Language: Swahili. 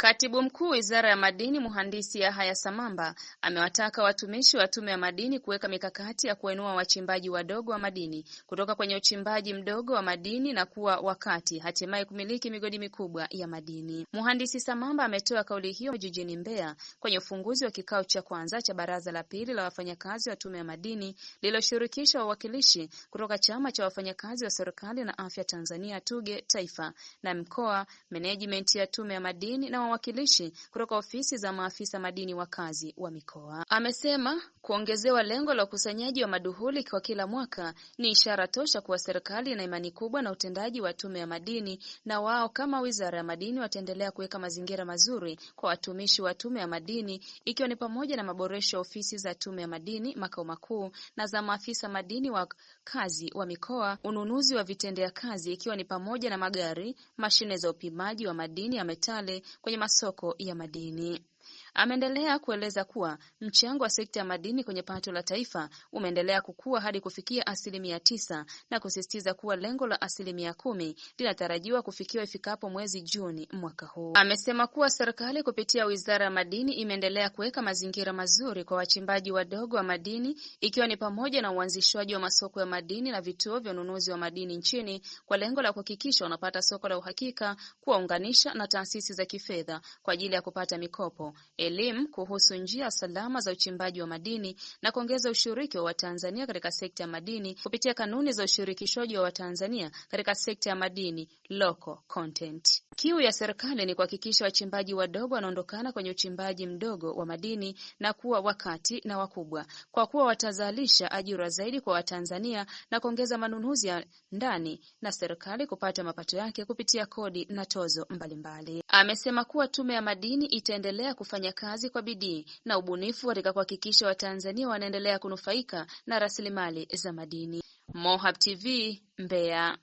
Katibu Mkuu Wizara ya Madini Mhandisi Yahaya samamba amewataka watumishi wa Tume ya Madini kuweka mikakati ya kuwainua wachimbaji wadogo wa madini kutoka kwenye uchimbaji mdogo wa madini na kuwa wakati hatimaye kumiliki migodi mikubwa ya madini. Mhandisi samamba ametoa kauli hiyo jijini Mbeya kwenye ufunguzi wa kikao cha kwanza cha Baraza la Pili la Wafanyakazi wa Tume ya Madini lililoshirikisha wawakilishi kutoka Chama cha Wafanyakazi wa Serikali na Afya Tanzania tuge Taifa na mkoa, menejimenti ya Tume ya Madini na wawakilishi kutoka ofisi za maafisa madini wakazi wa mikoa. Amesema Kuongezewa lengo la ukusanyaji wa maduhuli kwa kila mwaka ni ishara tosha kuwa serikali ina imani kubwa na utendaji wa Tume ya Madini na wao kama Wizara ya Madini wataendelea kuweka mazingira mazuri kwa watumishi wa Tume ya Madini ikiwa ni pamoja na maboresho ya ofisi za Tume ya Madini makao makuu na za maafisa madini wa kazi wa mikoa, ununuzi wa vitendea kazi ikiwa ni pamoja na magari, mashine za upimaji wa madini ya metale kwenye masoko ya madini. Ameendelea kueleza kuwa mchango wa sekta ya madini kwenye pato la taifa umeendelea kukua hadi kufikia asilimia tisa na kusisitiza kuwa lengo la asilimia kumi linatarajiwa kufikiwa ifikapo mwezi Juni mwaka huu. Amesema kuwa serikali kupitia Wizara ya Madini imeendelea kuweka mazingira mazuri kwa wachimbaji wadogo wa madini ikiwa ni pamoja na uanzishwaji wa masoko ya madini na vituo vya ununuzi wa madini nchini kwa lengo la kuhakikisha wanapata soko la uhakika, kuwaunganisha na taasisi za kifedha kwa ajili ya kupata mikopo elimu kuhusu njia salama za uchimbaji wa madini na kuongeza ushiriki wa Watanzania katika sekta ya madini kupitia kanuni za ushirikishwaji wa Watanzania katika sekta ya madini local content. Kiu ya serikali ni kuhakikisha wachimbaji wadogo wanaondokana kwenye uchimbaji mdogo wa madini na kuwa wakati na wakubwa, kwa kuwa watazalisha ajira zaidi kwa Watanzania na kuongeza manunuzi ya ndani na serikali kupata mapato yake kupitia kodi na tozo mbalimbali. Amesema kuwa Tume ya Madini itaendelea kufanya kazi kwa bidii na ubunifu katika kuhakikisha Watanzania wanaendelea kunufaika na rasilimali za madini. Mohab TV Mbeya.